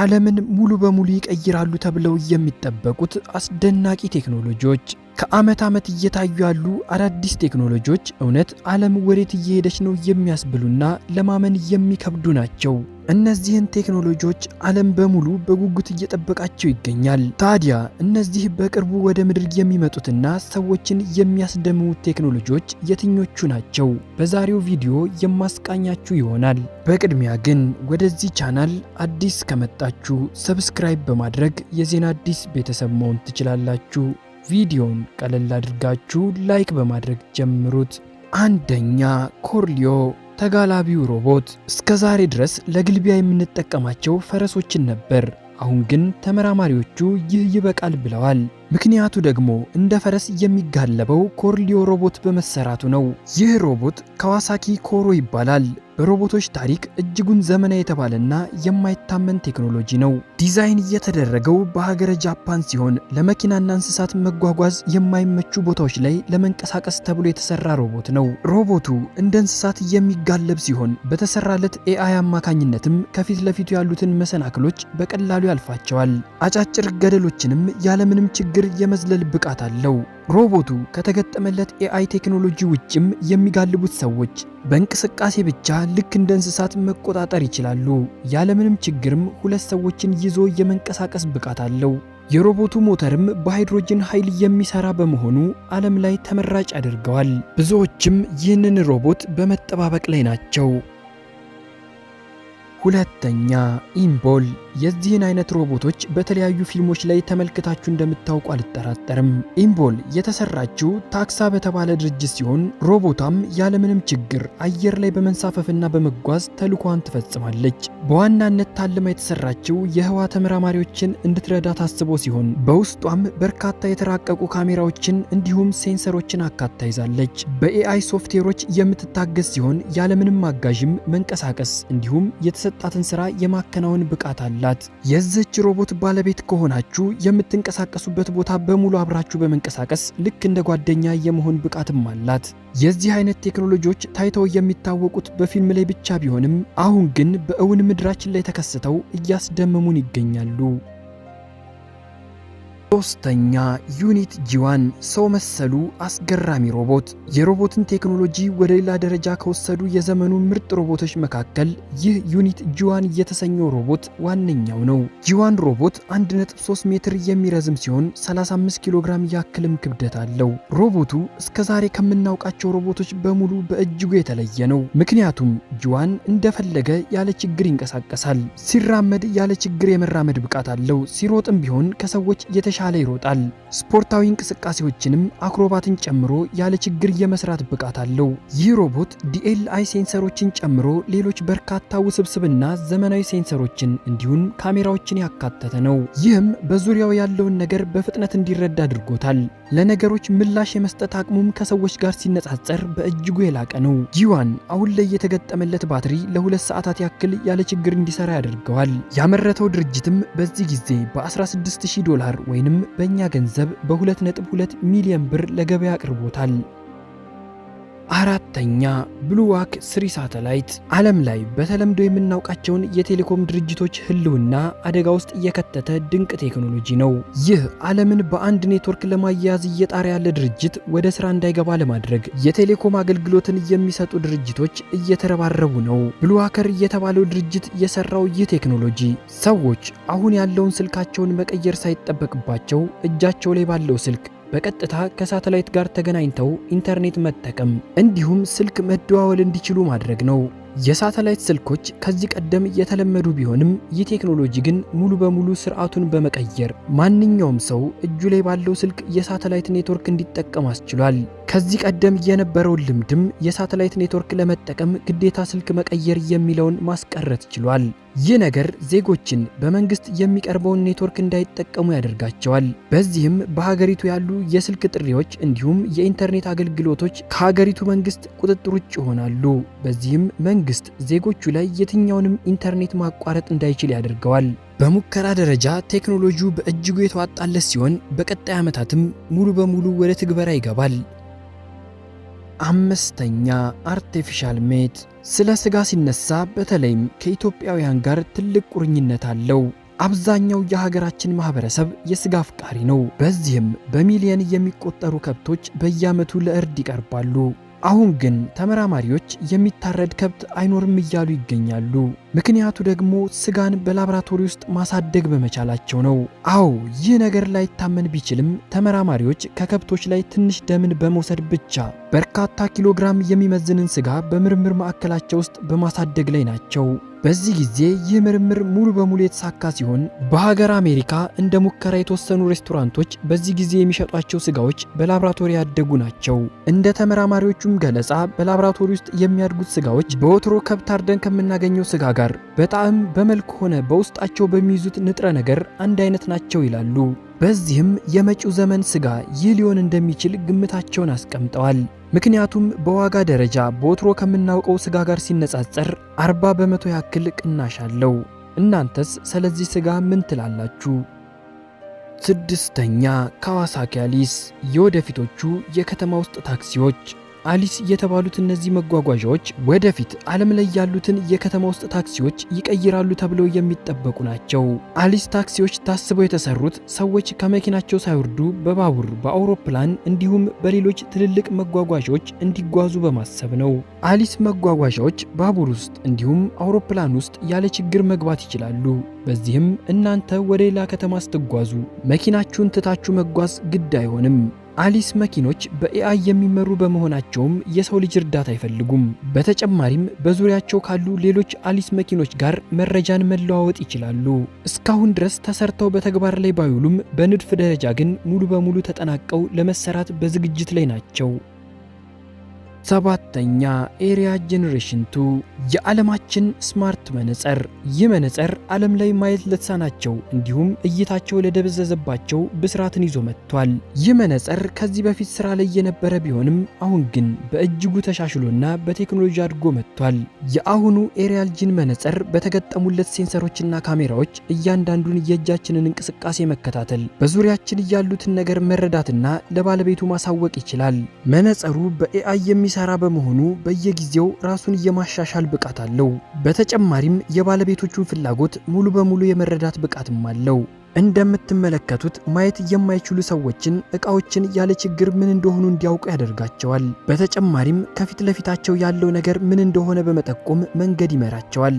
ዓለምን ሙሉ በሙሉ ይቀይራሉ ተብለው የሚጠበቁት አስደናቂ ቴክኖሎጂዎች፣ ከዓመት ዓመት እየታዩ ያሉ አዳዲስ ቴክኖሎጂዎች እውነት ዓለም ወዴት እየሄደች ነው የሚያስብሉና ለማመን የሚከብዱ ናቸው። እነዚህን ቴክኖሎጂዎች ዓለም በሙሉ በጉጉት እየጠበቃቸው ይገኛል። ታዲያ እነዚህ በቅርቡ ወደ ምድር የሚመጡትና ሰዎችን የሚያስደምሙት ቴክኖሎጂዎች የትኞቹ ናቸው? በዛሬው ቪዲዮ የማስቃኛችሁ ይሆናል። በቅድሚያ ግን ወደዚህ ቻናል አዲስ ከመጣችሁ ሰብስክራይብ በማድረግ የዜና አዲስ ቤተሰብ መሆን ትችላላችሁ። ቪዲዮን ቀለል አድርጋችሁ ላይክ በማድረግ ጀምሩት። አንደኛ ኮርሊዮ ተጋላቢው ሮቦት እስከ ዛሬ ድረስ ለግልቢያ የምንጠቀማቸው ፈረሶችን ነበር። አሁን ግን ተመራማሪዎቹ ይህ ይበቃል ብለዋል። ምክንያቱ ደግሞ እንደ ፈረስ የሚጋለበው ኮርሊዮ ሮቦት በመሰራቱ ነው። ይህ ሮቦት ካዋሳኪ ኮሮ ይባላል። በሮቦቶች ታሪክ እጅጉን ዘመናዊ የተባለና የማይታመን ቴክኖሎጂ ነው። ዲዛይን እየተደረገው በሀገረ ጃፓን ሲሆን ለመኪናና እንስሳት መጓጓዝ የማይመቹ ቦታዎች ላይ ለመንቀሳቀስ ተብሎ የተሰራ ሮቦት ነው። ሮቦቱ እንደ እንስሳት የሚጋለብ ሲሆን በተሰራለት ኤአይ አማካኝነትም ከፊት ለፊቱ ያሉትን መሰናክሎች በቀላሉ ያልፋቸዋል። አጫጭር ገደሎችንም ያለምንም ችግር የመዝለል ብቃት አለው። ሮቦቱ ከተገጠመለት ኤአይ ቴክኖሎጂ ውጭም የሚጋልቡት ሰዎች በእንቅስቃሴ ብቻ ልክ እንደ እንስሳት መቆጣጠር ይችላሉ። ያለምንም ችግርም ሁለት ሰዎችን ይዞ የመንቀሳቀስ ብቃት አለው። የሮቦቱ ሞተርም በሃይድሮጅን ኃይል የሚሰራ በመሆኑ ዓለም ላይ ተመራጭ አድርገዋል። ብዙዎችም ይህንን ሮቦት በመጠባበቅ ላይ ናቸው። ሁለተኛ ኢምቦል የዚህን አይነት ሮቦቶች በተለያዩ ፊልሞች ላይ ተመልክታችሁ እንደምታውቁ አልጠራጠርም። ኢምቦል የተሰራችው ታክሳ በተባለ ድርጅት ሲሆን ሮቦቷም ያለምንም ችግር አየር ላይ በመንሳፈፍና በመጓዝ ተልኳን ትፈጽማለች። በዋናነት ታልማ የተሰራችው የህዋ ተመራማሪዎችን እንድትረዳ ታስቦ ሲሆን በውስጧም በርካታ የተራቀቁ ካሜራዎችን እንዲሁም ሴንሰሮችን አካታ ይዛለች። በኤአይ ሶፍትዌሮች የምትታገዝ ሲሆን ያለምንም አጋዥም መንቀሳቀስ እንዲሁም የተሰጣትን ስራ የማከናወን ብቃት አላት። አላት። የዘች ሮቦት ባለቤት ከሆናችሁ የምትንቀሳቀሱበት ቦታ በሙሉ አብራችሁ በመንቀሳቀስ ልክ እንደ ጓደኛ የመሆን ብቃትም አላት። የዚህ አይነት ቴክኖሎጂዎች ታይተው የሚታወቁት በፊልም ላይ ብቻ ቢሆንም አሁን ግን በእውን ምድራችን ላይ ተከስተው እያስደመሙን ይገኛሉ። ሶስተኛ ዩኒት ጂዋን ሰው መሰሉ አስገራሚ ሮቦት። የሮቦትን ቴክኖሎጂ ወደ ሌላ ደረጃ ከወሰዱ የዘመኑ ምርጥ ሮቦቶች መካከል ይህ ዩኒት ጂዋን የተሰኘው ሮቦት ዋነኛው ነው። ጂዋን ሮቦት 1.3 ሜትር የሚረዝም ሲሆን 35 ኪሎ ግራም ያክልም ክብደት አለው። ሮቦቱ እስከ ዛሬ ከምናውቃቸው ሮቦቶች በሙሉ በእጅጉ የተለየ ነው። ምክንያቱም ጂዋን እንደፈለገ ያለ ችግር ይንቀሳቀሳል። ሲራመድ ያለ ችግር የመራመድ ብቃት አለው። ሲሮጥም ቢሆን ከሰዎች የተሻ የተሻለ ይሮጣል። ስፖርታዊ እንቅስቃሴዎችንም አክሮባትን ጨምሮ ያለ ችግር የመስራት ብቃት አለው። ይህ ሮቦት ዲኤልአይ ሴንሰሮችን ጨምሮ ሌሎች በርካታ ውስብስብና ዘመናዊ ሴንሰሮችን እንዲሁም ካሜራዎችን ያካተተ ነው። ይህም በዙሪያው ያለውን ነገር በፍጥነት እንዲረዳ አድርጎታል። ለነገሮች ምላሽ የመስጠት አቅሙም ከሰዎች ጋር ሲነጻጸር በእጅጉ የላቀ ነው። ጂዋን አሁን ላይ የተገጠመለት ባትሪ ለሁለት ሰዓታት ያክል ያለ ችግር እንዲሰራ ያደርገዋል። ያመረተው ድርጅትም በዚህ ጊዜ በ16000 ዶላር ወይም ቢሊዮንም በእኛ ገንዘብ በ2.2 ሚሊዮን ብር ለገበያ አቅርቦታል። አራተኛ ብሉዋክ ስሪ ሳተላይት ዓለም ላይ በተለምዶ የምናውቃቸውን የቴሌኮም ድርጅቶች ህልውና አደጋ ውስጥ የከተተ ድንቅ ቴክኖሎጂ ነው። ይህ ዓለምን በአንድ ኔትወርክ ለማያያዝ እየጣረ ያለ ድርጅት ወደ ስራ እንዳይገባ ለማድረግ የቴሌኮም አገልግሎትን የሚሰጡ ድርጅቶች እየተረባረቡ ነው። ብሉዋከር የተባለው ድርጅት የሰራው ይህ ቴክኖሎጂ ሰዎች አሁን ያለውን ስልካቸውን መቀየር ሳይጠበቅባቸው እጃቸው ላይ ባለው ስልክ በቀጥታ ከሳተላይት ጋር ተገናኝተው ኢንተርኔት መጠቀም እንዲሁም ስልክ መደዋወል እንዲችሉ ማድረግ ነው። የሳተላይት ስልኮች ከዚህ ቀደም የተለመዱ ቢሆንም ይህ ቴክኖሎጂ ግን ሙሉ በሙሉ ስርዓቱን በመቀየር ማንኛውም ሰው እጁ ላይ ባለው ስልክ የሳተላይት ኔትወርክ እንዲጠቀም አስችሏል። ከዚህ ቀደም የነበረውን ልምድም የሳተላይት ኔትወርክ ለመጠቀም ግዴታ ስልክ መቀየር የሚለውን ማስቀረት ችሏል። ይህ ነገር ዜጎችን በመንግስት የሚቀርበውን ኔትወርክ እንዳይጠቀሙ ያደርጋቸዋል። በዚህም በሀገሪቱ ያሉ የስልክ ጥሪዎች እንዲሁም የኢንተርኔት አገልግሎቶች ከሀገሪቱ መንግስት ቁጥጥር ውጭ ይሆናሉ። በዚህም መንግስት ዜጎቹ ላይ የትኛውንም ኢንተርኔት ማቋረጥ እንዳይችል ያደርገዋል። በሙከራ ደረጃ ቴክኖሎጂው በእጅጉ የተዋጣለት ሲሆን በቀጣይ ዓመታትም ሙሉ በሙሉ ወደ ትግበራ ይገባል። አምስተኛ አርቴፊሻል ሜት። ስለ ስጋ ሲነሳ በተለይም ከኢትዮጵያውያን ጋር ትልቅ ቁርኝነት አለው። አብዛኛው የሀገራችን ማህበረሰብ የስጋ አፍቃሪ ነው። በዚህም በሚሊየን የሚቆጠሩ ከብቶች በየዓመቱ ለእርድ ይቀርባሉ። አሁን ግን ተመራማሪዎች የሚታረድ ከብት አይኖርም እያሉ ይገኛሉ። ምክንያቱ ደግሞ ስጋን በላብራቶሪ ውስጥ ማሳደግ በመቻላቸው ነው። አዎ ይህ ነገር ላይታመን ቢችልም ተመራማሪዎች ከከብቶች ላይ ትንሽ ደምን በመውሰድ ብቻ በርካታ ኪሎግራም የሚመዝንን ስጋ በምርምር ማዕከላቸው ውስጥ በማሳደግ ላይ ናቸው። በዚህ ጊዜ ይህ ምርምር ሙሉ በሙሉ የተሳካ ሲሆን በሀገር አሜሪካ እንደ ሙከራ የተወሰኑ ሬስቶራንቶች በዚህ ጊዜ የሚሸጧቸው ስጋዎች በላብራቶሪ ያደጉ ናቸው። እንደ ተመራማሪዎቹም ገለጻ በላብራቶሪ ውስጥ የሚያድጉት ስጋዎች በወትሮ ከብት አርደን ከምናገኘው ስጋ ጋር በጣዕም በመልክ ሆነ በውስጣቸው በሚይዙት ንጥረ ነገር አንድ አይነት ናቸው ይላሉ። በዚህም የመጪው ዘመን ስጋ ይህ ሊሆን እንደሚችል ግምታቸውን አስቀምጠዋል። ምክንያቱም በዋጋ ደረጃ በወትሮ ከምናውቀው ስጋ ጋር ሲነጻጸር 40 በመቶ ያክል ቅናሽ አለው። እናንተስ ስለዚህ ስጋ ምን ትላላችሁ? ስድስተኛ ካዋሳኪ አሊስ የወደፊቶቹ የከተማ ውስጥ ታክሲዎች አሊስ የተባሉት እነዚህ መጓጓዣዎች ወደፊት ዓለም ላይ ያሉትን የከተማ ውስጥ ታክሲዎች ይቀይራሉ ተብለው የሚጠበቁ ናቸው። አሊስ ታክሲዎች ታስበው የተሰሩት ሰዎች ከመኪናቸው ሳይወርዱ በባቡር፣ በአውሮፕላን እንዲሁም በሌሎች ትልልቅ መጓጓዣዎች እንዲጓዙ በማሰብ ነው። አሊስ መጓጓዣዎች ባቡር ውስጥ እንዲሁም አውሮፕላን ውስጥ ያለ ችግር መግባት ይችላሉ። በዚህም እናንተ ወደ ሌላ ከተማ ስትጓዙ መኪናችሁን ትታችሁ መጓዝ ግድ አይሆንም። አሊስ መኪኖች በኤአይ የሚመሩ በመሆናቸውም የሰው ልጅ እርዳታ አይፈልጉም። በተጨማሪም በዙሪያቸው ካሉ ሌሎች አሊስ መኪኖች ጋር መረጃን መለዋወጥ ይችላሉ። እስካሁን ድረስ ተሰርተው በተግባር ላይ ባይውሉም በንድፍ ደረጃ ግን ሙሉ በሙሉ ተጠናቀው ለመሰራት በዝግጅት ላይ ናቸው። ሰባተኛ ኤሪያ ጄኔሬሽን ቱ የዓለማችን ስማርት መነጽር። ይህ መነጽር ዓለም ላይ ማየት ለተሳናቸው እንዲሁም እይታቸው ለደበዘዘባቸው ብስራትን ይዞ መጥቷል። ይህ መነጽር ከዚህ በፊት ስራ ላይ የነበረ ቢሆንም አሁን ግን በእጅጉ ተሻሽሎና በቴክኖሎጂ አድጎ መጥቷል። የአሁኑ ኤሪያል ጂን መነጽር በተገጠሙለት ሴንሰሮችና ካሜራዎች እያንዳንዱን የእጃችንን እንቅስቃሴ መከታተል፣ በዙሪያችን ያሉትን ነገር መረዳትና ለባለቤቱ ማሳወቅ ይችላል። መነጽሩ በኤአይ የሚሰ የሚሰራ በመሆኑ በየጊዜው ራሱን የማሻሻል ብቃት አለው። በተጨማሪም የባለቤቶቹን ፍላጎት ሙሉ በሙሉ የመረዳት ብቃትም አለው። እንደምትመለከቱት ማየት የማይችሉ ሰዎችን እቃዎችን ያለ ችግር ምን እንደሆኑ እንዲያውቁ ያደርጋቸዋል። በተጨማሪም ከፊት ለፊታቸው ያለው ነገር ምን እንደሆነ በመጠቆም መንገድ ይመራቸዋል።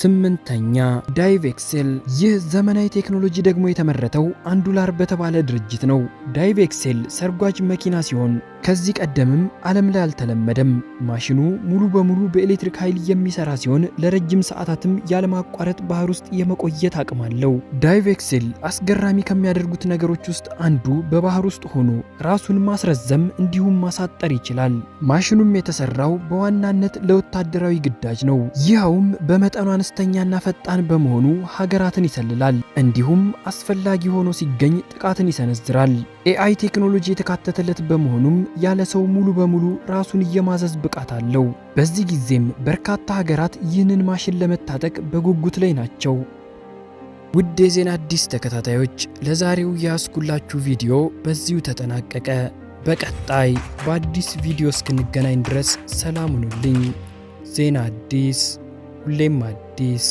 ስምንተኛ ዳይቭ ኤክሴል። ይህ ዘመናዊ ቴክኖሎጂ ደግሞ የተመረተው አንዱላር በተባለ ድርጅት ነው። ዳይቭ ኤክሴል ሰርጓጅ መኪና ሲሆን ከዚህ ቀደምም ዓለም ላይ አልተለመደም። ማሽኑ ሙሉ በሙሉ በኤሌክትሪክ ኃይል የሚሰራ ሲሆን ለረጅም ሰዓታትም ያለማቋረጥ ባህር ውስጥ የመቆየት አቅም አለው። ዳይቭ ኤክሴል አስገራሚ ከሚያደርጉት ነገሮች ውስጥ አንዱ በባህር ውስጥ ሆኖ ራሱን ማስረዘም እንዲሁም ማሳጠር ይችላል። ማሽኑም የተሰራው በዋናነት ለወታደራዊ ግዳጅ ነው። ይኸውም በመጠኑ አነስተኛና ፈጣን በመሆኑ ሀገራትን ይሰልላል፣ እንዲሁም አስፈላጊ ሆኖ ሲገኝ ጥቃትን ይሰነዝራል። ኤአይ ቴክኖሎጂ የተካተተለት በመሆኑም ያለ ሰው ሙሉ በሙሉ ራሱን የማዘዝ ብቃት አለው። በዚህ ጊዜም በርካታ ሀገራት ይህንን ማሽን ለመታጠቅ በጉጉት ላይ ናቸው። ውድ የዜና አዲስ ተከታታዮች ለዛሬው ያስኩላችሁ ቪዲዮ በዚሁ ተጠናቀቀ። በቀጣይ በአዲስ ቪዲዮ እስክንገናኝ ድረስ ሰላም ሁኑልኝ። ዜና አዲስ ሁሌም አዲስ